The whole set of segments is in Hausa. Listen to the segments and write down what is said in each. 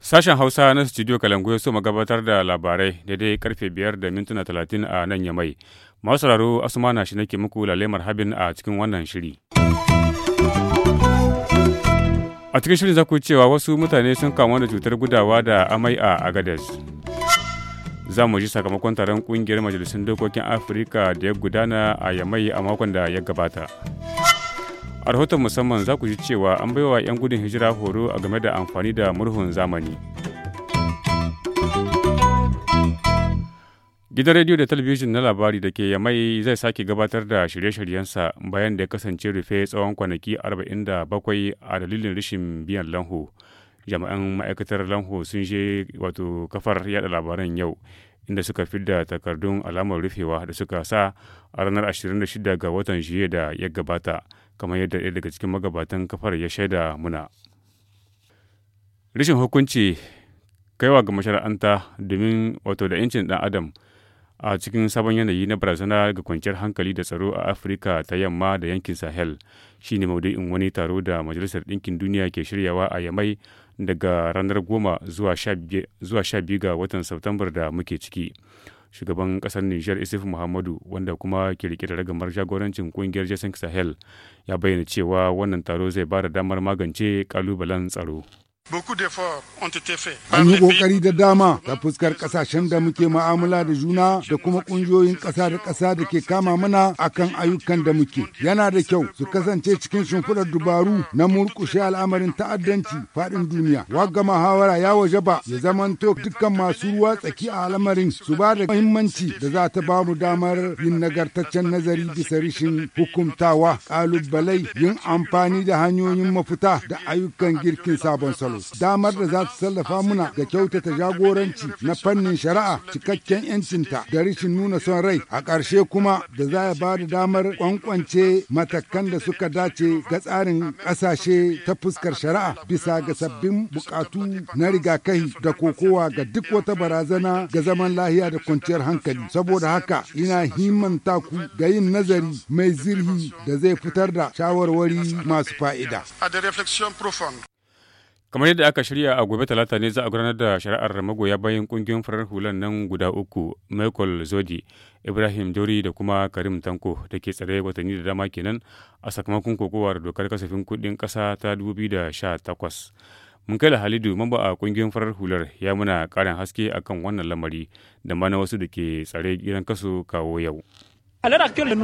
Sashen Hausa na studio Kalangu ya so gabatar da labarai daidai karfe biyar da mintuna talatin a nan yamai. Masu sauraro na shi nake muku lalemar habin a cikin wannan shiri. A cikin shirin za cewa wasu mutane sun kamu da cutar gudawa da amai a Agadez. za mu ji sakamakon taron kungiyar majalisun dokokin afirka da ya gudana a yamai a makon da ya gabata a rahoton musamman za ku ji cewa an bai wa 'yan gudun hijira horo a game da amfani da murhun zamani gidan rediyo da talabijin na labari da ke yamai zai sake gabatar da shirye-shiryensa bayan da ya kasance rufe tsawon kwanaki 47 a dalilin rashin biyan lanho. jami'an ma'aikatar lanho sun je wato kafar yada labaran yau inda suka fidda takardun alamar rufewa da suka sa a ranar 26 ga watan juye da ya gabata kamar yadda ɗaya daga cikin magabatan kafar ya shaida muna rashin hukunci kaiwa ga mashara'anta domin wato da 'yancin ɗan adam a cikin sabon yanayi na barazana ga kwanciyar hankali da tsaro a afirka ta yamma da yankin sahel shine maudu'in wani taro da majalisar ɗinkin duniya ke shiryawa a yamai daga ranar goma zuwa sha biyu ga watan Satumbar da muke ciki shugaban kasar nijar isif muhammadu wanda kuma ke rike da ragamar jagorancin kungiyar jason sahel ya bayyana cewa wannan taro zai ba da damar magance kalubalen tsaro An yi ƙoƙari da dama ta fuskar ƙasashen da muke ma'amala da juna da kuma ƙungiyoyin ƙasa da ƙasa da ke kama mana akan ayyukan da muke. Yana da kyau su kasance cikin shimfiɗar dubaru na murƙushe al'amarin ta'addanci faɗin duniya. Wagga mahawara ya waje ba ya zamanto dukkan masu ruwa tsaki a al'amarin su ba da muhimmanci da za ta ba mu damar yin nagartaccen nazari bisa rishin hukumtawa, ƙalubalai, yin amfani da hanyoyin mafita da ayyukan girkin sabon salo. damar da za su tallafa muna ga kyautata jagoranci na fannin shari'a cikakken 'yancinta da rishin nuna son rai a ƙarshe kuma da za ya ba da damar kwankwance matakan da suka dace ga tsarin ƙasashe ta fuskar shari'a bisa ga sabbin buƙatu na rigakahi da kokowa ga duk wata barazana ga zaman lahiya da kwanciyar hankali saboda haka ina himanta ku ga yin nazari mai zirhi da zai fitar da shawarwari masu fa'ida. kamar yadda aka shirya a gobe talata ne za a gudanar da shari'ar magoya bayan kungiyoyin farar hular nan guda uku michael zodi ibrahim jori da kuma karim tanko da ke tsare watanni da dama kenan a sakamakon kokowar dokar kasafin kudin kasa ta 2018 mun kai halidu mamba a kungiyoyin farar hular ya muna karin haske akan wannan lamari da ma na wasu da ke tsare gidan kaso kawo yau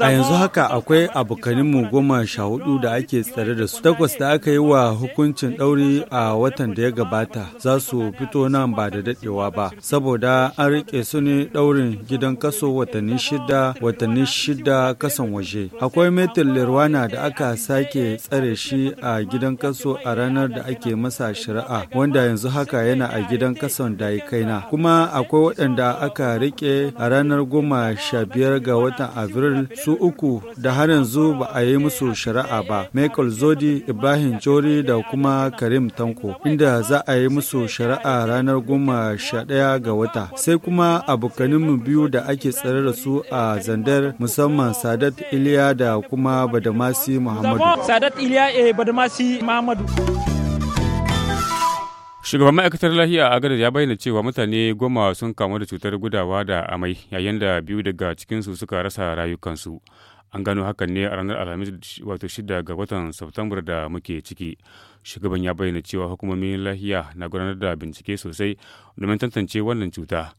A yanzu haka akwai abokaninmu goma sha hudu da ake tsare da su. Takwas da aka yi wa hukuncin ɗauri a watan da ya gabata za su fito nan ba da daɗewa ba, saboda an riƙe su ne ɗaurin gidan kaso watanni shida watanni shida kasan waje. Akwai Metin lirwana da aka sake tsare shi a gidan kaso a ranar da ake masa shari'a, wanda yanzu haka yana a gidan kasan da ya kaina. Kuma akwai waɗanda aka riƙe a ranar goma sha biyar ga watan Avril su uku da har yanzu ba a yi musu shari'a ba, Michael Zodi, Ibrahim Jori da kuma Karim Tanko, inda za a yi musu shari'a ranar goma sha ɗaya ga wata. Sai kuma abokaninmu biyu da ake tsare da su a Zandar musamman Sadat Iliya da kuma Badamasi Muhammadu. Sadat Iliya eh, Badamasi Muhammadu. Shugaban ma'aikatar lahiya a Agadez ya bayyana cewa mutane goma sun kamu da cutar gudawa da amai yayin da biyu daga cikinsu suka rasa rayukansu. An gano hakan ne a ranar Alhamis wato shida ga watan Satumbar da muke ciki. Shugaban ya bayyana cewa hukumomin lahiya na gudanar da bincike sosai domin tantance wannan cuta.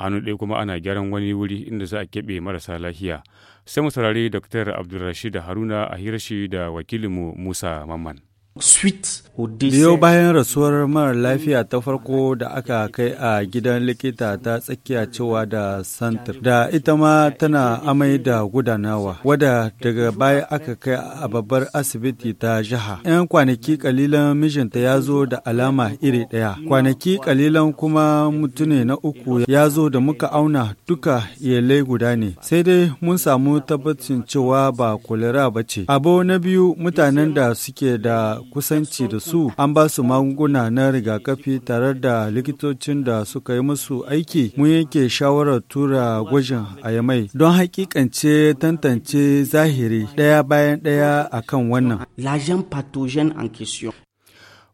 hannu ɗaya kuma ana gyaran wani wuri inda za a keɓe marasa lahiya sai mu saurari dr abdulrashid haruna a hirashi da wakilinmu musa mamman suite biyo bayan rasuwar mara lafiya ta farko da aka kai a gidan likita ta tsakiya cewa da santir da ita ma tana amai da gudanawa Wada daga baya aka kai a babbar asibiti ta jiha yan kwanaki kalilan mijinta ya zo da alama iri ɗaya kwanaki kalilan kuma mutune na uku ya zo da muka auna duka iyalai guda ne sai dai mun samu tabbacin cewa ba kulera ba ce abu na biyu mutanen da suke da kusanci da su an ba su magunguna na rigakafi tare da likitocin da suka yi musu aiki mun yanke shawarar tura gwajin a yamai don hakikance tantance zahiri daya bayan ɗaya akan wannan.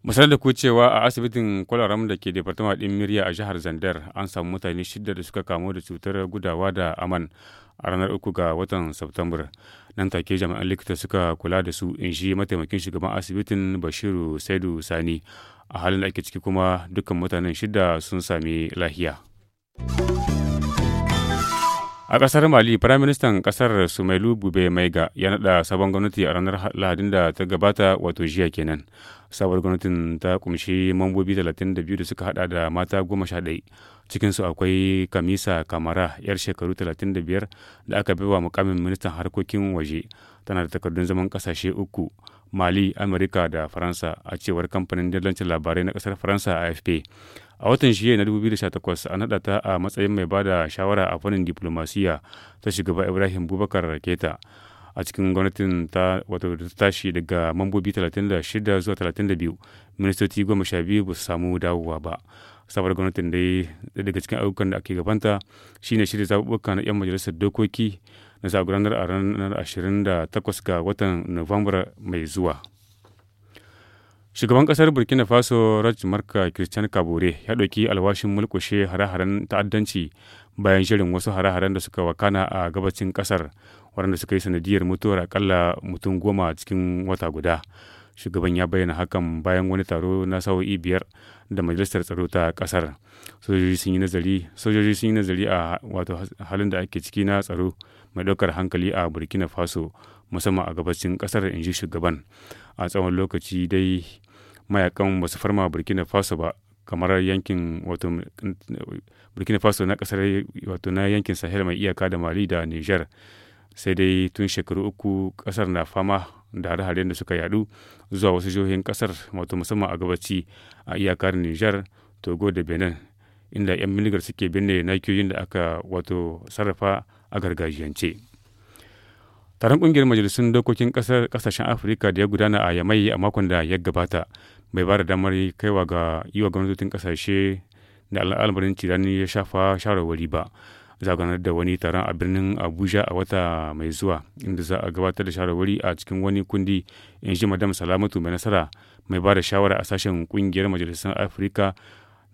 musamman da kucewa cewa a asibitin kwalaram da ke departama ɗin miriya a jihar zandar an samu mutane shida da suka kamu da cutar gudawa da aman a ranar uku ga watan september nan take jami'an likita suka kula da su in shi mataimakin shugaban asibitin bashiru saidu sani a halin da ake ciki kuma dukkan mutanen shida sun sami lahiya. A kasar Mali, Firaministan kasar Sumailu Bube Maiga ya nada sabon gwamnati a ranar Lahadin da ta gabata wato jiya kenan. sabon gwamnatin ta kumshi mambobi 32 da suka hada da mata goma sha Cikinsu akwai Kamisa Kamara, 'yar shekaru 35 da aka baiwa mukamin ministan harkokin waje. Tana da takardun zaman kasashe uku, Mali, Amurka da Faransa a cewar kamfanin dillancin labarai na kasar Faransa AFP. a watan shiye na 2018 an haɗa ta a matsayin mai bada shawara a fannin diplomasiya ta shugaba ibrahim bubakar raketa a cikin gwamnatin ta wato tashi daga mambobi 36 zuwa 32 ministoci goma sha biyu ba su samu dawowa ba sabar gwamnatin dai daga cikin ayyukan da ake gabanta shine shirya zaɓuɓɓuka na 'yan majalisar dokoki na sa a ranar 28 ga watan nuwambar mai zuwa. Shugaban ƙasar Burkina Faso Raj Marka Christian Kabore ya ɗauki alwashin mulkushe hare-haren ta'addanci bayan shirin wasu hare-haren da suka wakana a gabacin kasar waɗanda suka yi sanadiyar mutuwar akalla mutum goma cikin wata guda. Shugaban ya bayyana hakan bayan wani taro na sa'o'i biyar da majalisar tsaro ta kasar Sojoji sun yi nazari, sojoji sun yi nazari a wato halin da ake ciki na tsaro mai ɗaukar hankali a Burkina Faso musamman a gabacin kasar inji shugaban. A tsawon lokaci dai mayakan ba su farma burkina faso ba kamar yankin wato burkina faso na kasar wato na yankin sahel mai iyaka da mali da niger sai dai tun shekaru uku kasar na fama da hare da suka yadu zuwa wasu jihohin kasar wato musamman a gabaci a iyakar niger togo da benin inda 'yan miligar suke binne nakiyoyin da aka wato sarrafa a gargajiyance. taron kungiyar majalisun dokokin kasar kasashen afirka da ya gudana a yamai a makon da ya gabata bai ba da damar kaiwa ga yi wa gwamnatocin kasashe da al'almarin cirani ya shafa shawarwari ba zaganar da wani taron a birnin abuja a wata mai zuwa inda za a gabatar da shawarwari a cikin wani kundi in ji madam salamatu mai nasara mai ba da shawara a sashen kungiyar majalisun afirka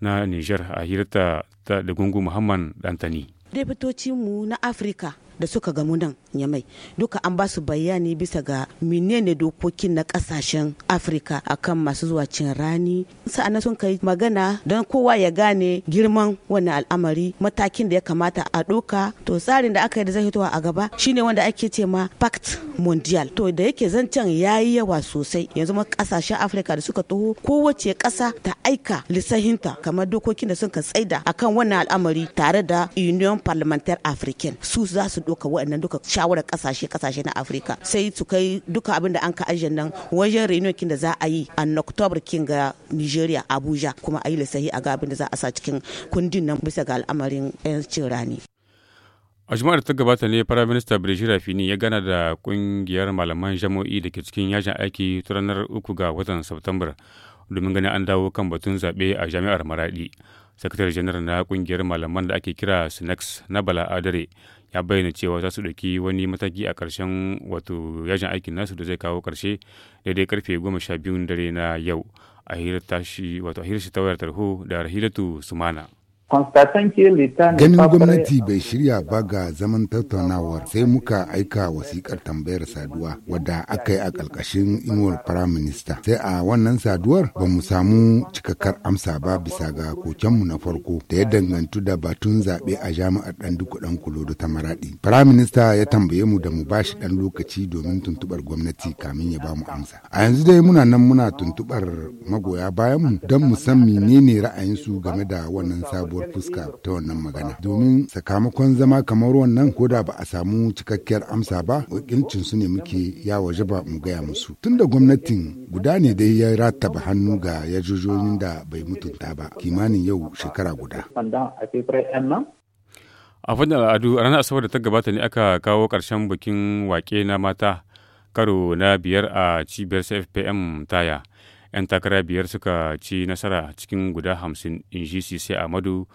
na niger a hirarta da gungu muhammad dantani mu na afirka da suka gamu nan ya yamai duka an ba su bayani bisa ga menene dokokin na kasashen afirka akan masu zuwa cin rani sa'annan sun kai magana don kowa ya gane girman wannan al'amari matakin da ya kamata a doka. to tsarin da aka yi da zai fitowa a gaba shine wanda ake ce ma pact mondial to da yake zancen ya yi yawa sosai yanzu ma kasashen afirka da suka taho kowace ƙasa ta aika lissahinta kamar dokokin da sun ka tsaida akan wannan al'amari tare da union parliamentaire african su za su duka waɗannan duka shawarar kasashe kasashe na afirka sai su kai duka abin da an ka ajiye nan wajen reunion kin da za a yi a october kin ga nigeria abuja kuma a yi lissahi a ga abin da za a sa cikin kundin nan bisa ga al'amarin 'yancin rani a da ta gabata ne minister birjira rafini ya gana da kungiyar malaman jami'o'i da ke cikin yajin aiki ta ranar uku ga watan september domin ganin an dawo kan batun zaɓe a jami'ar maradi sakatare janar na kungiyar malaman da ake kira sinex na bala adare ya bayyana cewa za su ɗauki wani mataki a ƙarshen wato yajin aikin nasu da zai kawo ƙarshe daidai karfe goma sha biyun dare na yau a hirar tashi wato a hirar shi ta wayar tarho da rahilatu sumana. Ganin gwamnati bai shirya ba ga zaman tattaunawar sai muka aika wasikar tambayar saduwa wadda aka yi a ƙalƙashin inuwar firaminista. Sai a wannan saduwar ba mu samu cikakkar amsa ba bisa ga kokenmu na farko da ya dangantu da batun zaɓe a jami'ar ɗan duku ɗan kulodo ta maraɗi. Firaminista ya tambaye mu da mu ba shi ɗan lokaci domin tuntuɓar gwamnati kamin ya ba mu amsa. A yanzu dai muna nan muna tuntuɓar magoya bayanmu don mu san menene ra'ayinsu game da wannan sabuwar sabuwar fuska ta wannan magana domin sakamakon zama kamar wannan ko da ba a samu cikakkiyar amsa ba wakilcin su ne muke ya waje ba mu gaya musu tunda gwamnatin guda ne dai ya rataba hannu ga yajojoyin da bai mutunta ba kimanin yau shekara guda a fannin al'adu a ranar asabar da ta gabata ne aka kawo karshen bikin wake na mata karo na biyar a cibiyar cfpm taya 'yan takara biyar suka ci nasara cikin guda hamsin in ji sise amadu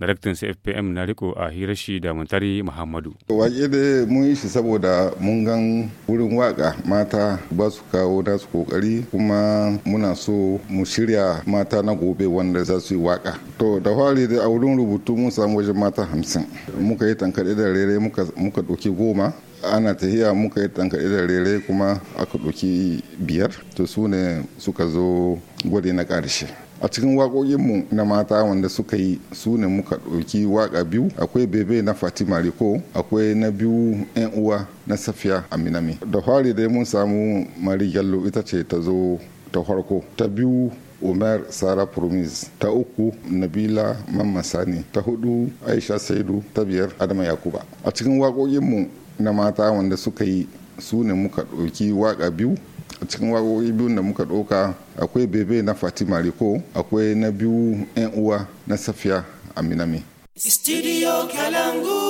daraktan cfpm na riko a hirashi da muntari muhammadu wake da mun yi shi saboda mun gan wurin waka mata ba su kawo nasu kokari kuma muna so mu shirya mata na gobe wanda za su yi waka to da fari da a wurin rubutu mun samu wajen mata hamsin muka yi tankaɗe da rere muka ɗauki goma ana tahiya muka yi tankaɗe da rere kuma aka ɗauki biyar to su ne suka zo gwade na ƙarshe a cikin waƙoƙinmu na mata wanda suka yi su ne muka ɗauki waƙa biyu akwai bebe na fatima riko akwai na biyu yan uwa na safiya aminami da fari dai mun samu mari gallo ita ce ta zo ta farko ta biyu umar sara promis ta uku nabila mamma sani ta hudu aisha saidu ta biyar adama yakuba a cikin waƙoƙinmu na mata wanda suka yi su ne muka ɗauki waƙa biyu cikin wagogi biyun da muka ɗauka akwai bebe na fatima riko akwai na biyu 'yan uwa na safiya aminami studio kalangu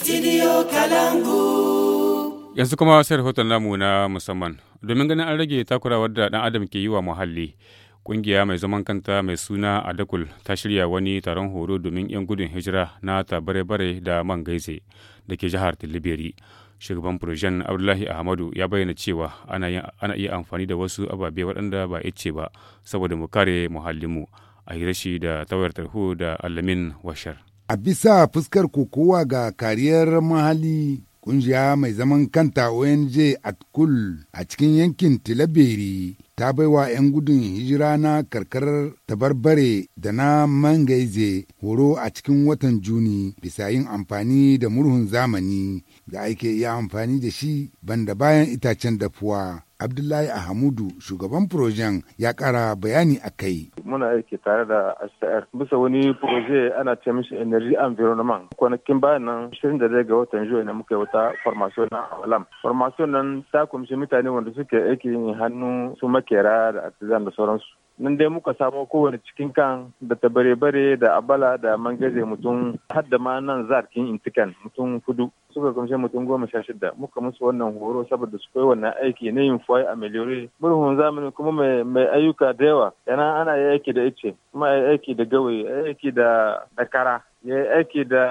Studio Kalangu. Yanzu kuma sai rahoton namu na musamman. Domin ganin an rage takurawar da ɗan Adam ke yi wa muhalli. Ƙungiya mai zaman kanta mai suna Adakul ta shirya wani taron horo domin 'yan gudun hijira na tabare-bare da man gaize da ke jihar Tilibiri. Shugaban Furojen Abdullahi Ahmadu ya bayyana cewa ana iya amfani da wasu ababe waɗanda ba ice ba saboda mu kare muhallinmu a hirashi da tawayar tarho da alamin washar. A bisa fuskar kokowa ga kariyar mahali kungiya mai zaman kanta ONG Atkul a cikin yankin Tilaberi ta baiwa 'yan gudun hijira na karkarar tabarbare da na mangaize horo a cikin watan Juni bisa yin amfani da murhun zamani da ake iya amfani da shi banda bayan itacen dafuwa. Abdullahi Ahamudu shugaban projen ya kara bayani a kai. Muna aiki tare da HCR bisa wani proje ana ce mishi Energy Environment. Kwanakin bayan nan shirin da ga watan juyo ne muka wata formation na alam. Formation nan ta kumshi mutane wanda suke aikin hannu su makera da artisan da sauransu. nan dai muka samo kowane cikin kan da tabare-bare da abala da mangaje mutum har da ma nan zarkin intikan mutum hudu suka kamshe mutum goma sha shida muka musu wannan horo saboda su koyi wannan aiki na yin fuwai a miliyori murhun zamani kuma mai ayyuka da yawa yana ana yi aiki da ice kuma aiki da gawayi aiki da dakara ya aiki da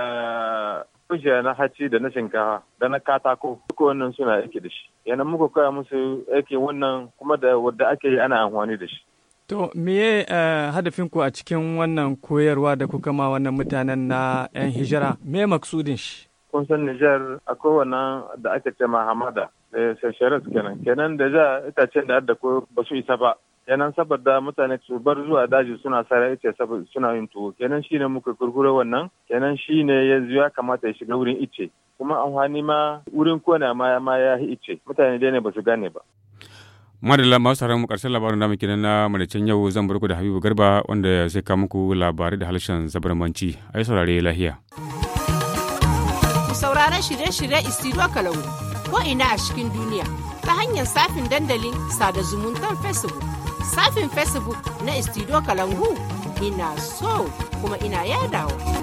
kushe na haci da na shinkafa da na katako duka wannan suna aiki da shi yana muka koya musu aiki wannan kuma da wadda ake yi ana amfani da shi To, meye uh, eh, hadafinku a cikin wannan koyarwa da kuka ma wannan mutanen na 'yan hijira? Me maksudin shi? Kun san Nijar a kowane da aka ce ma hamada, eh, Seychelles kenan. Kenan da za ita ce da adda ko ba su isa ba. Kenan saboda mutane su bar zuwa daji suna sara ita saboda suna yin tuwo. Kenan shi ne muka kurkure wannan, kenan ne yanzu ya kamata ya shiga wurin ice. Kuma amfani ma wurin kona ma ya ice. Mutane dai ne ba su gane ba. madalla masu tare mu karshen labarin da muke na madacin yau zan barku da habibu garba wanda zai kawo muku labarai da harshen zabarmanci a yi saurare lahiya sauraron shirye-shirye istiro kalau ko ina a cikin duniya ta hanyar safin dandalin sada zumuntar facebook safin facebook na istiro kalangu ina so kuma ina yadawa.